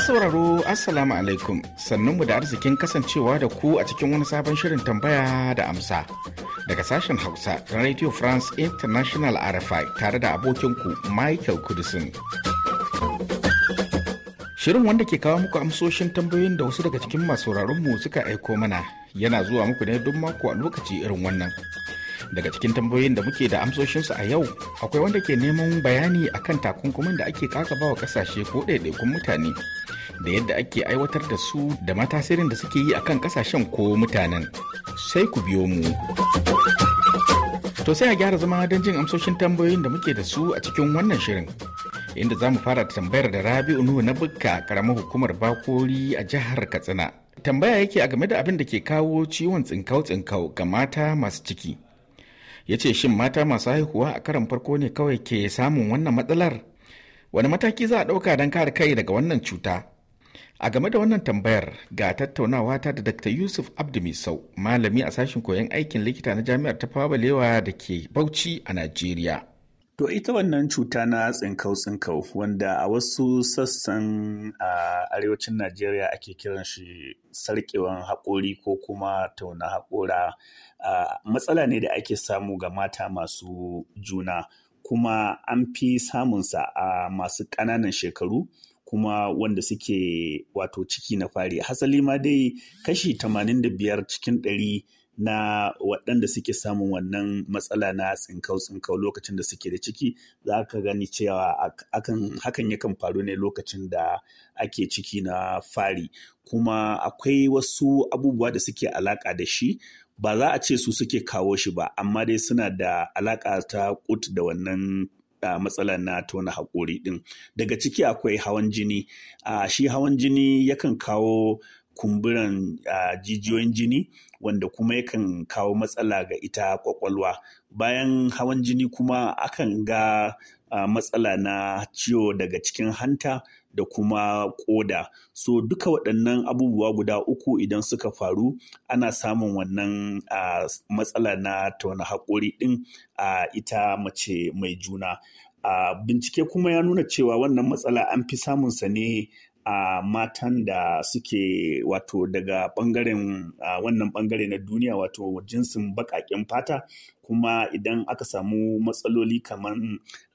sauraro assalamu alaikum sannunmu da arzikin kasancewa da ku a cikin wani sabon shirin tambaya da amsa daga sashen hausa radio france international rfi tare da abokinku michael kudisin Shirin wanda ke kawo muku amsoshin tambayoyin da wasu daga cikin masu mu suka aiko mana yana zuwa muku ne don mako a lokaci irin wannan. Daga cikin tambayoyin da muke da amsoshinsu a yau akwai wanda ke neman bayani akan takunkumin da ake kakabawa bawa kasashe ko ɗaiɗaikun mutane da yadda ake aiwatar da su da matasirin da suke yi akan kasashen ko mutanen. Sai ku biyo mu. To sai a gyara zama don jin amsoshin tambayoyin da muke da su a cikin wannan shirin. inda za mu fara tambayar da rabi'u nuhu na bukka karamar hukumar bakori a jihar katsina tambaya yake a game da abin da ke kawo ciwon tsinkau tsinkau ga mata masu ciki ya ce shin mata masu haihuwa a karan farko ne kawai ke samun wannan matsalar wani mataki za a ɗauka don kare kai daga wannan cuta a game da wannan tambayar ga tattaunawa ta da dr yusuf abdu misau malami a sashen koyon aikin likita na jami'ar ta Fabalewa da ke bauchi a najeriya To ita wannan cuta na tsinkau-tsinkau wanda a wasu sassan a arewacin Najeriya ake kiran shi sarkewan haƙori ko kuma tauna haƙora matsala ne da ake samu ga mata masu juna kuma an fi samunsa a masu ƙananan shekaru kuma wanda suke wato ciki na fari. Hasali ma dai kashi 85 cikin ɗari. na waɗanda suke samun wannan matsala na tsinkau-tsinkau lokacin da suke da ciki za ka gani cewa hakan yakan faru ne lokacin da ake ciki na fari kuma akwai wasu abubuwa da suke alaƙa da shi ba za a ce su suke kawo shi ba amma dai suna da alaƙa ta kut da wannan Uh, matsala na tona haƙori ɗin daga ciki akwai hawan jini uh, shi hawan jini yakan kawo kumburan jijiyoyin jini wanda kuma yakan kawo matsala ga ita kwakwalwa bayan hawan jini kuma akan ga matsala na ciwo daga cikin hanta da kuma koda so duka waɗannan abubuwa guda uku idan suka faru ana samun wannan matsala na tauna haƙori ɗin a ita mace mai juna bincike kuma ya nuna cewa wannan matsala an fi samunsa ne a matan da suke wato daga bangaren wannan bangare na duniya wato jinsin baƙaƙen fata kuma idan aka samu matsaloli kamar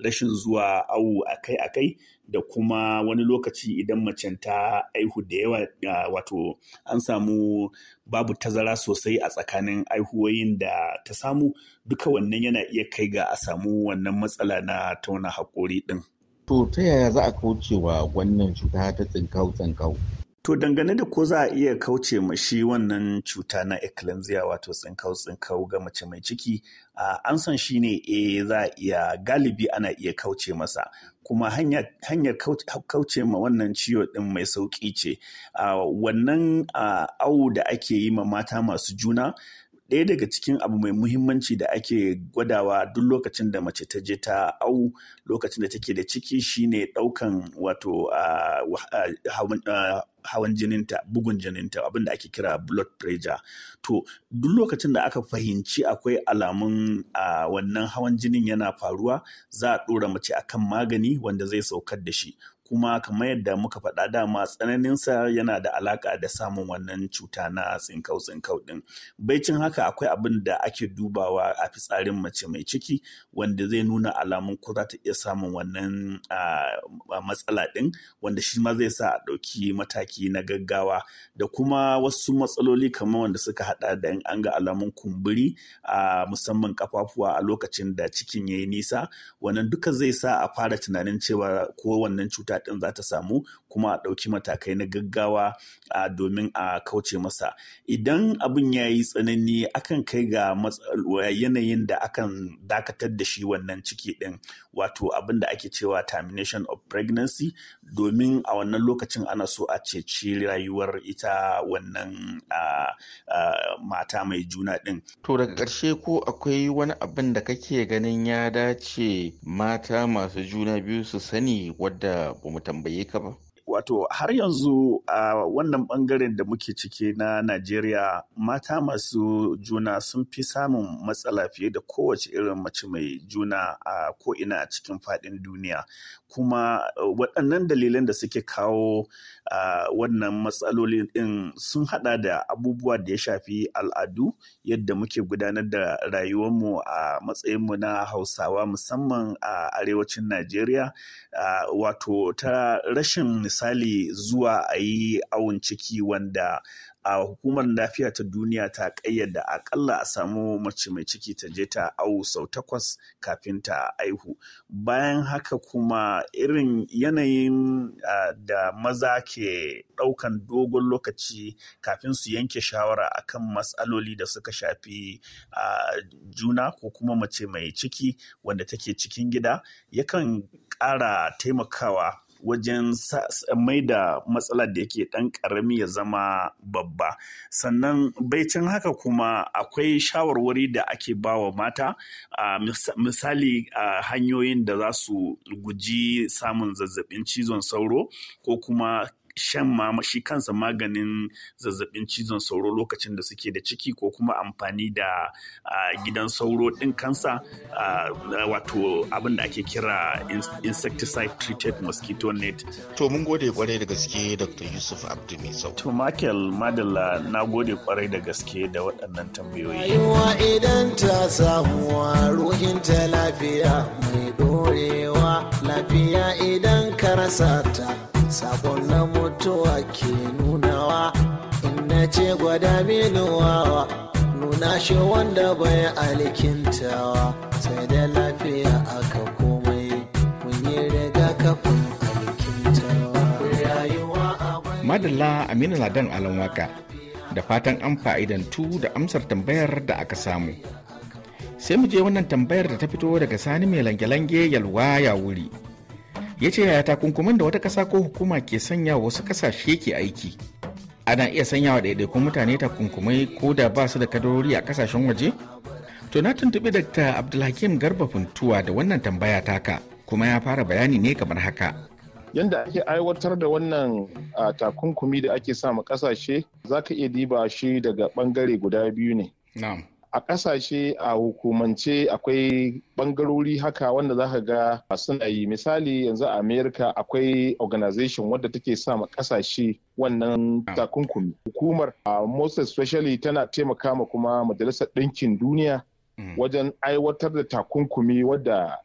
rashin zuwa awu akai-akai da kuma wani lokaci idan mace ta aihu da yawa wato an samu babu tazara sosai a tsakanin aihuwoyin da ta samu duka wannan yana iya kai ga a samu wannan matsala na tauna haƙori ɗin. To ta yaya za a kauce wa wannan cuta ta tsinkau tsinkau? To dangane da ko za a iya kauce ma shi wannan cuta na eclampsia wato tsinkau tsinkau ga mace mai ciki an san shi ne e za a iya galibi ana iya kauce masa kuma hanyar kauce ma wannan ciwo ɗin mai sauƙi ce wannan awu da ake yi ma mata masu juna ɗaya daga cikin abu mai muhimmanci da ake gwadawa duk lokacin da mace ta je ta au lokacin da take da ciki shine ɗaukan wato hawan jininta bugun jininta abin da ake kira blood pressure to duk lokacin da aka fahimci akwai alamun a wannan hawan jinin yana faruwa za a ɗora mace akan magani wanda zai saukar da shi kuma kamar yadda muka faɗa dama tsananinsa yana da alaƙa da samun wannan cuta na tsinkau tsinkau ɗin baicin haka akwai abin da ake dubawa a fitsarin mace mai ciki wanda zai nuna alamun ko za ta iya samun wannan matsala ɗin wanda shi ma zai sa a ɗauki mataki na gaggawa da kuma wasu matsaloli kamar wanda suka haɗa da an ga alamun kumburi a musamman kafafuwa a lokacin da cikin ya yi nisa wannan duka zai sa a fara tunanin cewa ko wannan cuta cuta ɗin za ta samu kuma a ɗauki matakai na gaggawa a domin a kauce masa idan abin ya yi tsanani akan kai ga yanayin da akan dakatar da shi wannan ciki ɗin wato abin da ake cewa termination of pregnancy domin a wannan lokacin ana so a ceci rayuwar ita wannan mata mai juna ɗin. To daga ƙarshe ko akwai wani abin da kake ganin ya dace mata masu juna biyu su sani wadda mu tambaye ka ba wato har yanzu a wannan bangaren da muke ciki na Najeriya mata masu juna sun fi samun matsala fiye da kowace irin mace mai juna a ko'ina a cikin faɗin duniya. Kuma eh, waɗannan dalilan da suke kawo wannan matsaloli ɗin sun haɗa da abubuwa da ya shafi al'adu yadda muke gudanar da rayuwarmu a matsayinmu na Hausawa musamman a arewacin Najeriya wato ta rashin misali zuwa a yi awon ciki wanda a hukumar lafiya ta duniya ta kayyada akalla a samu mace mai ciki ta je ta awu sau takwas kafin ta aihu bayan haka kuma irin yanayin da maza ke ɗaukan dogon lokaci kafin su yanke shawara akan matsaloli da suka shafi juna ko kuma mace mai ciki wanda take cikin gida yakan ƙara taimakawa wajen mai da matsalar da yake ɗan karami ya zama babba sannan baicin haka kuma akwai shawarwari da ake bawa mata misali hanyoyin da za su guji samun zazzabin cizon sauro ko kuma shan ma shi kansa maganin zazzabin cizon sauro lokacin da suke da ciki ko kuma amfani da gidan sauro ɗin kansa wato abin da ake kira insecticide treated mosquito net. To mun gode kwarai da gaske Dr. Yusuf Abdu sau. To Michael Madalla na gode kwarai da gaske da waɗannan tambayoyi. Rayuwa idan ta samuwa ruhinta lafiya mai dorewa lafiya idan ka rasa ta. sakon na mutuwa ke nunawa ina ce gwada minuwawa nuna shi wanda bai alkintawa sai da lafiya aka komai mun yi rigakafin alkintawa madalla aminu ladan alon waka da fatan an tu da amsar tambayar da aka samu sai mu je wannan tambayar da ta fito daga sani mai lange-lange yalwa ya wuri ya ce yaya takunkumin da wata ƙasa ko hukuma ke sanya wasu ƙasashe ke aiki ana iya sanya wa ɗaiɗaikun mutane takunkumai ko da ba su da kadarori a ƙasashen waje to na tuntuɓi dr abdulhakim garba funtuwa da wannan tambaya taka kuma ya fara bayani ne kamar haka yadda ake aiwatar da wannan takunkumi da ake sa ma ƙasashe za ka iya diba shi daga ɓangare guda biyu ne a ƙasashe a hukumance akwai bangarori haka wanda za ka ga suna yi misali yanzu a Amerika akwai organization wadda take sa ma kasashe wannan ah. takunkumi hukumar most especially tana taimaka ma kuma majalisar ɗinkin duniya hmm. wajen aiwatar da takunkumi wadda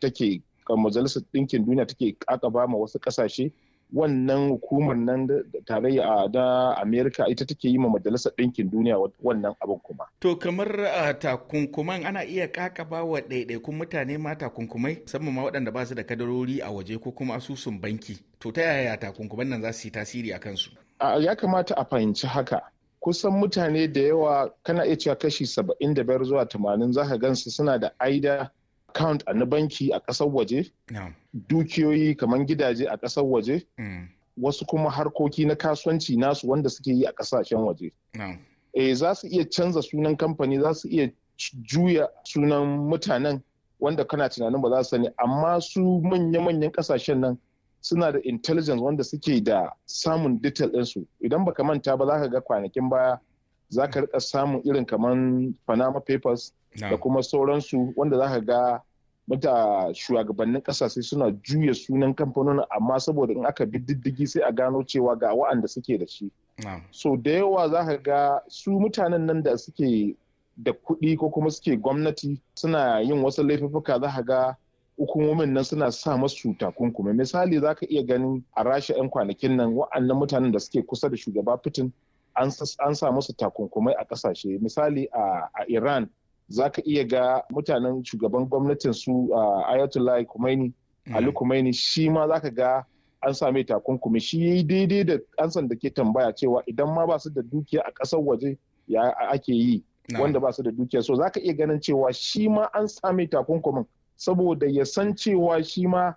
take majalisar ɗinkin duniya take aka ma wasu ƙasashe. wannan hukumar nan tarayya da amerika ita take yi ma majalisar ɗinkin duniya wannan abin kuma to kamar takunkuman ana iya ba wa ɗaiɗaikun mutane ma takunkumai musamman ma waɗanda ba su da kadarori a waje ko kuma asusun banki to ta yaya takunkuman nan za su yi tasiri a kansu ya kamata a fahimci haka kusan mutane da yawa kana iya cewa kashi saba'in da biyar zuwa tamanin zaka gansu suna da aida account a na banki a ƙasar waje dukiyoyi kamar gidaje a ƙasar waje mm. wasu kuma harkoki na kasuwanci nasu wanda suke yi a ƙasashen waje e, za su iya canza sunan kamfani za su iya juya sunan mutanen wanda kana tunanin ba za su sani amma su manya-manyan ƙasashen nan suna da intelligence wanda suke da samun detail ɗinsu idan baka manta ba za ka ga kwanakin baya za ka rika samun irin kamar panama papers da kuma sauransu wanda za ka ga muta shugabannin kasashe suna juya sunan kamfanonin amma saboda in aka bi diddigi sai a gano cewa ga wa'anda suke da shi so da yawa za ka ga su mutanen nan da suke da kuɗi ko kuma suke gwamnati suna yin wasu laifuka za ka ga hukumomin nan suna sa masu takunkumi misali za ka iya ganin a rasha 'yan kwanakin nan wa'annan mutanen da suke kusa da shugaba fitin an sa musu takunkumai a kasashe misali a iran za ka iya ga mutanen shugaban gwamnatin su ayatollah kumaini mm. ali kumaini shi ma za ka ga an same takunkumi shi yi daidai da ansan da ke tambaya cewa idan ma ba su da dukiya a ƙasar waje ya ake yi wanda ba su da dukiya so za ka iya ganin cewa shi ma an same takunkumin saboda ya san cewa shi ma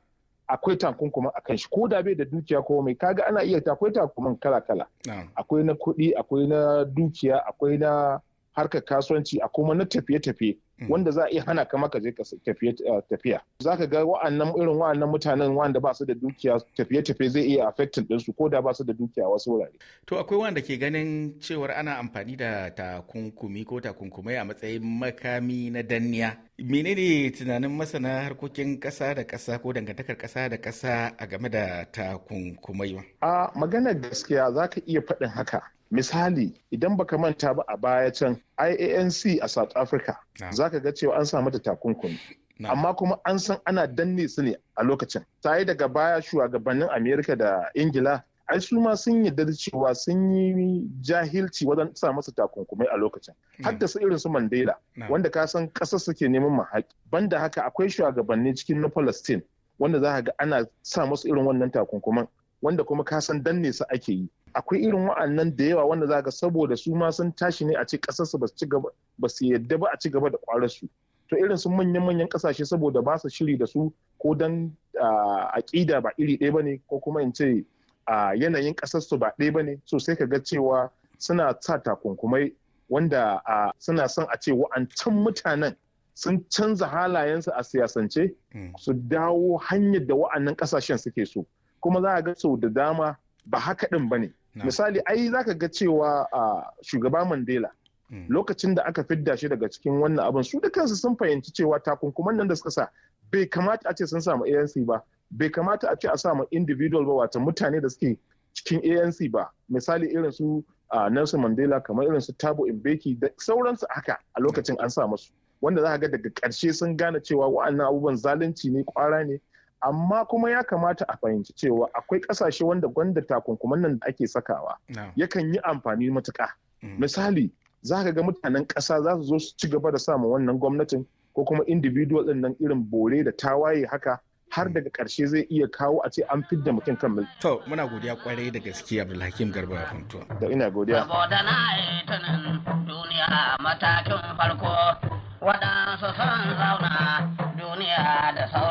akwai takunkumin kan shi ko da bai da dukiya ko mai kaga ana iya akwai takunkumin kala kala akwai na kuɗi akwai na dukiya akwai na harkar kasuwanci a kuma na tafiye-tafiye hmm. wanda za a iya hana kama ka je uh, tafiya za ka ga wa'annan irin wa'annan mutanen wanda ba su da dukiya tafiye-tafiye zai iya affecting ɗinsu ko da ba su da dukiya wasu wurare to akwai wanda ke ganin cewar ana amfani da takunkumi ko takunkumai a matsayin makami na danniya menene tunanin masana harkokin kasa da kasa ko dangantakar kasa da kasa a game da takunkumai a maganar gaskiya za ka iya faɗin haka misali idan baka manta ba a baya can IANC a South Africa za ka ga cewa an samu da takunkumi amma kuma an san ana danne su ne a lokacin yi daga baya shugabannin Amerika da Ingila ai su ma sun yarda da cewa sun yi jahilci wajen sa masa takunkumai a lokacin hmm. haddasa irin su Mandela wanda ka san kasar suke neman mahaƙi banda haka akwai shugabanni cikin na Palestine wanda za ga ana sa masu irin wannan takunkuman wanda kuma ka san danne su ake yi akwai irin wa'annan da yawa wanda za ga saboda su ma sun tashi ne a ce kasarsu ba su ba su yadda ba a ci gaba da kwararsu to irin sun manyan manyan kasashe saboda ba su shiri da su ko dan aƙida ba iri ɗaya bane ko kuma in ce yanayin kasarsu ba ɗaya bane so sai ka ga cewa suna sa takunkumai wanda suna son a ce wa'ancan mutanen sun canza halayensu a siyasance hmm. su dawo hanyar da wa'annan kasashen suke so kuma za a ga sau da dama ba haka din ba ne misali ai zaka ga cewa shugaba mandela mm. lokacin da aka fidda shi daga cikin wannan abin su da kansu sun fahimci cewa takunkuman nan da suka sa bai kamata a ce sun samu anc ba bai kamata a ce a samu individual ba wata mutane da suke cikin anc ba misali irin su nelson mandela kamar irin su tabo mbeki da sauransu haka a lokacin an sa masu wanda za ga daga karshe sun gane cewa wa'annan abubuwan zalunci ne kwara ne amma kuma ya kamata a fahimci cewa akwai kasashe wanda gwanda takunkuman nan da ake sakawa yakan yi amfani matuka mm. misali za ka ga mutanen ƙasa za su zo su ci gaba da samun wannan gwamnatin ko kuma individual ɗin nan irin bore da tawaye haka har mm. daga ƙarshe zai iya kawo a ce an fidda mutum kan mil. To muna godiya kwarai da gaske Abdulhakim Garba ya kwanto. Da ina godiya. duniya matakin farko waɗansu sun zauna duniya da sauran.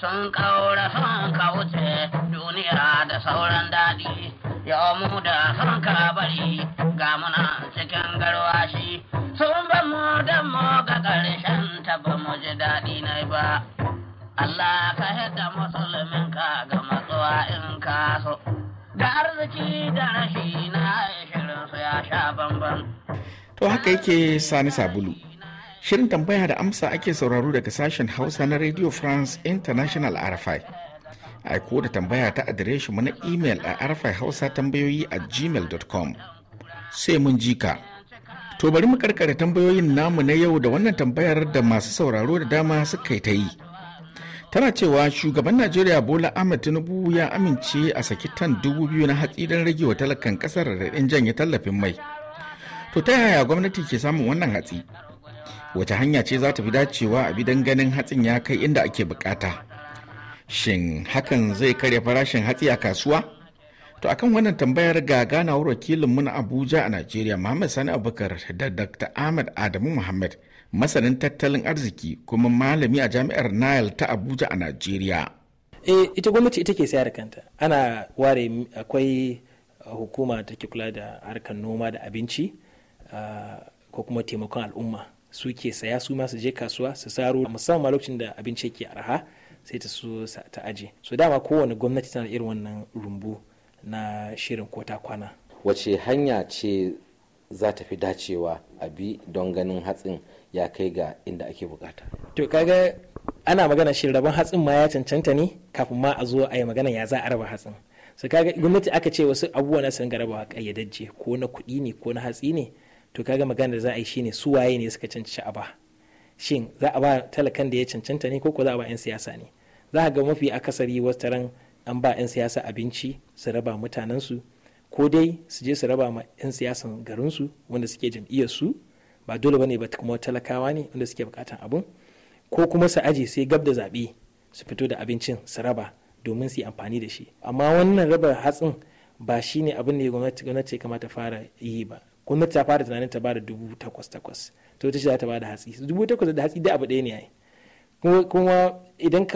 sun kaura sun kauce duniya da sauran daɗi yau mu da sun kabari ga muna cikin garwashi sun ba mu da mu ga ƙarshen ta bamu mu ji daɗi na ba Allah ka hidda musulmin ka ga matsuwa in ka so da arziki da rashi na shirin su ya sha bambam. To haka yake sani sabulu. Shirin tambaya da amsa ake sauraro daga sashen Hausa na Radio France International RFI. Aiko da tambaya ta adireshin mu na imel a RFI Hausa tambayoyi a gmail.com. Sai mun ji ka. To bari mu karkare tambayoyin namu na yau da wannan tambayar da masu sauraro da dama suka yi ta yi. Tana cewa shugaban Najeriya Bola Ahmed Tinubu ya amince a saki tan dubu biyu na hatsi don rage wa talakan kasar da raɗaɗin janye tallafin mai. To ta yaya gwamnati ke samun wannan hatsi? wace hanya ce za ta fi dacewa a bidan ganin hatsin ya kai inda ake bukata shin hakan zai karya farashin hatsi a kasuwa to akan wannan tambayar ga ganawar wakilinmu na abuja a najeriya muhammad sani abubakar da dr ahmad adamu muhammad masanin tattalin arziki kuma malami a jami'ar nile ta abuja a najeriya eh, ita gwamnati ita ke sayar kanta ana ware akwai hukuma ta kula da harkar noma da abinci ah, ko kuma taimakon al'umma suke saya su ma su je kasuwa su saro musamman lokacin da abinci yake araha sai ta so ta aje so dama kowane gwamnati tana irin wannan rumbu na shirin ko ta kwana wace hanya ce za ta fi dacewa a bi don ganin hatsin ya kai ga inda ake bukata to kaga ana magana shi rabon hatsin ma ya cancanta ne kafin ma a zo a yi magana ya za a raba hatsin su kaga gwamnati aka ce wasu abubuwa na sun ga raba kayyadajje ko na kuɗi ne ko na hatsi ne to kaga magana da za a yi shine su waye ne suka cancanci a ba shin za a ba talakan da ya cancanta ne ko ko za a ba 'yan siyasa ne za a ga mafi akasari ran an ba 'yan siyasa abinci su raba mutanensu ko dai su je su raba ma 'yan siyasan garinsu wanda suke jam'iyyar su ba dole bane ba kuma talakawa ne wanda suke bukatan abun ko kuma su aje sai gab da zaɓe su fito da abincin su raba domin su yi amfani da shi amma wannan raba hatsin ba shine abin da gwamnati gwamnati kamata fara yi ba gwamnati ta fara tunanin ta bada dubu takwas takwas to ta ce za ta bada hatsi dubu takwas da hatsi da abu ɗaya ne ya yi kuma idan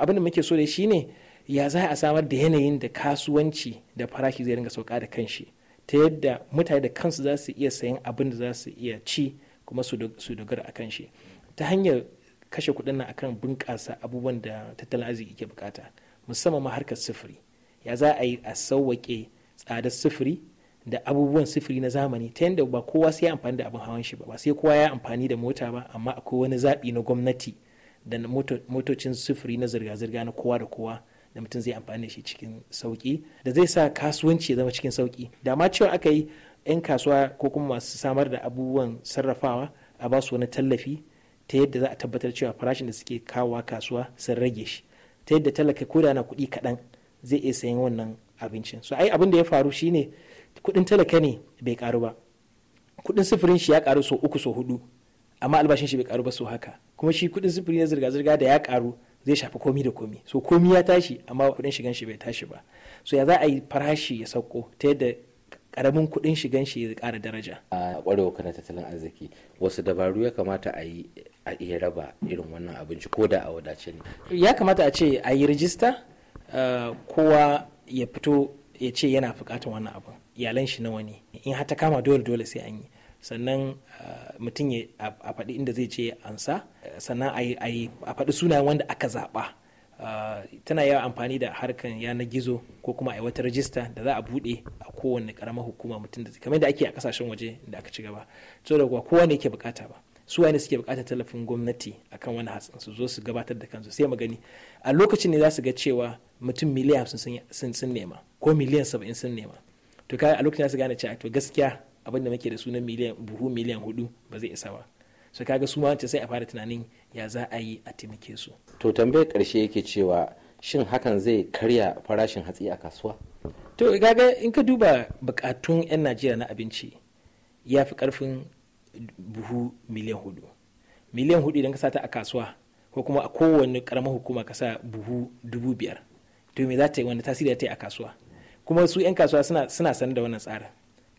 abin da muke so da shi ne ya za a samar da yanayin da kasuwanci da farashi zai ringa sauka da kanshi ta yadda mutane da kansu za su iya sayan abin da za su iya ci kuma su dogara a kanshi ta hanyar kashe kuɗin nan akan bunƙasa abubuwan da tattalin arziki ke bukata musamman ma harkar sufuri ya za a yi a sauwaƙe tsadar sufuri da abubuwan sufuri na zamani ta yadda ba kowa sai ya amfani da abin hawan shi ba ba sai kowa ya amfani da mota ba amma akwai wani zaɓi na gwamnati da motocin sufuri na zirga-zirga na kowa da kowa da mutum zai amfani da shi cikin sauki da zai sa kasuwanci ya zama cikin sauki da ma cewa aka yi 'yan kasuwa ko kuma masu samar da abubuwan sarrafawa a ba su wani tallafi ta yadda za a tabbatar cewa farashin da suke kawowa kasuwa sun rage shi ta yadda talaka ko da na kuɗi kaɗan zai iya sayan wannan abincin so ai abin da ya faru shine kuɗin talaka ne bai karu ba kuɗin sufurin shi ya karu so uku so hudu amma albashin shi bai karu ba so haka kuma shi kuɗin sufuri na zirga-zirga da ya karu zai shafi komi da komi so komi ya tashi amma kuɗin shigan shi bai tashi ba so ya za a yi farashi ya sauko ta yadda karamin kuɗin shigan shi ya kara daraja a kwarewa kana tattalin arziki wasu dabaru ya kamata a yi a iya raba irin wannan abinci ko da a wadace ne ya kamata a ce a yi rijista eh, kowa ya fito ya ce yana bukatar wannan abin iyalan shi na wani in har kama dole dole sai an yi sannan ah, mutum ya a faɗi inda zai ce ansa sannan a faɗi suna wanda aka zaɓa ah, tana yawa amfani da harkan yanar gizo ko kuma a wata rajista da za a buɗe a kowane ƙaramar hukuma mutum da kamar da ake a ƙasashen waje da aka ci gaba so da kuwa kowa ne yake bukata ba su wani suke bukatar tallafin gwamnati akan wani hatsin su zo su gabatar da kansu sai magani a lokacin ne za su ga cewa mutum miliyan sun nema ko miliyan saba'in sun nema to kai a lokacin su gane cewa to gaskiya abin da muke da sunan miliyan buhu miliyan hudu ba zai isa ba so kaga su ma sai a fara tunanin ya za a yi a taimake su to tambayar karshe yake cewa shin hakan zai karya farashin hatsi a kasuwa to kaga in ka duba bukatun 'yan najeriya na abinci ya fi karfin buhu miliyan hudu miliyan hudu idan ka sata a kasuwa ko kuma a kowane karamar hukuma ka sa buhu dubu biyar to me za ta yi wani tasiri ta yi a kasuwa kuma su 'yan kasuwa suna suna sanar da wannan tsarin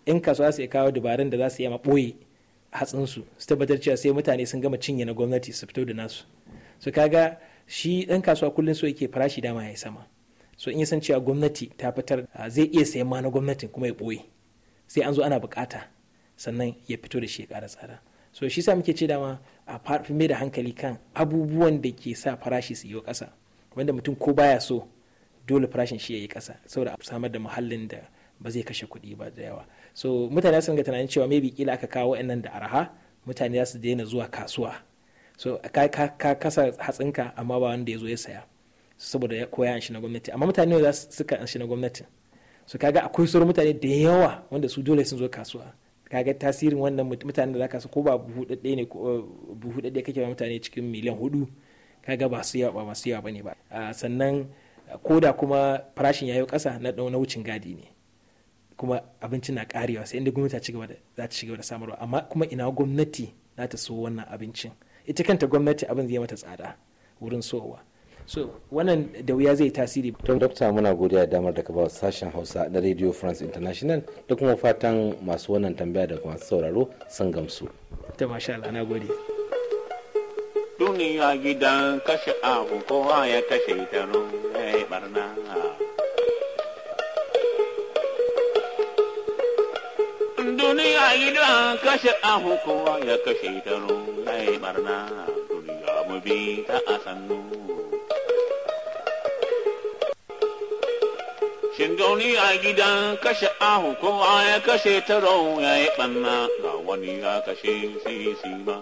'yan kasuwa su kawo dabarun da za su yi ma ɓoye hatsinsu su tabbatar cewa sai mutane sun gama cinye na gwamnati su fito da nasu su kaga shi ɗan kasuwa kullum so yake farashi dama ya sama so in ya san cewa gwamnati ta fitar ah, zai iya sayan ma na gwamnatin kuma ya boye sai an zo ana bukata sannan ya fito da shi ya ƙara tsara so shi sa muke ce dama a farfi mai da hankali kan abubuwan da ke sa farashi su yi wa kasa wanda mutum ko baya so dole farashin shi yi kasa saboda a samar da muhallin da ba zai kashe kuɗi ba da yawa so mutane sun ga tunanin cewa maybe kila aka kawo wa'annan da araha mutane za su daina zuwa kasuwa so ka ka kasa hatsinka amma ba wanda ya zo ya saya saboda ko ya anshi na gwamnati amma mutane za su suka anshi na gwamnati so kaga akwai sauran mutane da yawa wanda su dole sun zo kasuwa kaga tasirin wannan mutane da ka su ko ba buhu ɗaɗɗe ne eh, buhu ɗaɗɗe kake ba mutane cikin miliyan hudu kaga ba su yawa ba masu yawa bane ba ah, sannan ko da kuma farashin yayo kasa na dauna wucin gadi ne kuma abincin na karewa sai inda gwamnati ta cigaba za ta shiga da samarwa amma kuma ina gwamnati za ta so wannan abincin ita kanta gwamnati abin zai mata tsada wurin sowa so wannan da wuya zai tasiri don dokta muna godiya damar da ka ba sashen hausa na radio france international da kuma fatan masu wannan tambaya da masu sauraro sun gamsu ta masha Allah na gode duniya gidan kashe abu kowa ya kashe ta ya barna duniya gidan kashe abu kowa ya kashe ta ya barna duniya mu bi ta a sannu Shin duniya gidan kashe ahu kowa ya kashe ta ya yi ɓanna ga wani ya kashe sisi ma.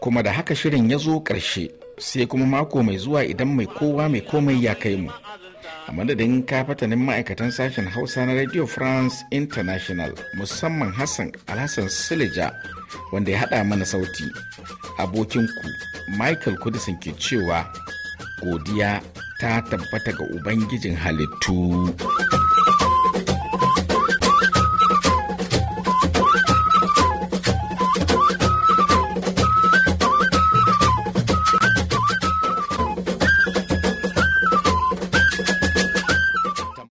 kuma da haka shirin ya zo ƙarshe sai kuma mako mai zuwa idan mai kowa mai komai ya kai mu a madadin kafatanin ma'aikatan sashen hausa na radio france international musamman hassan alhassan silija wanda ya haɗa mana sauti abokinku michael kudisin ke cewa godiya ta tabbata ga ubangijin halittu.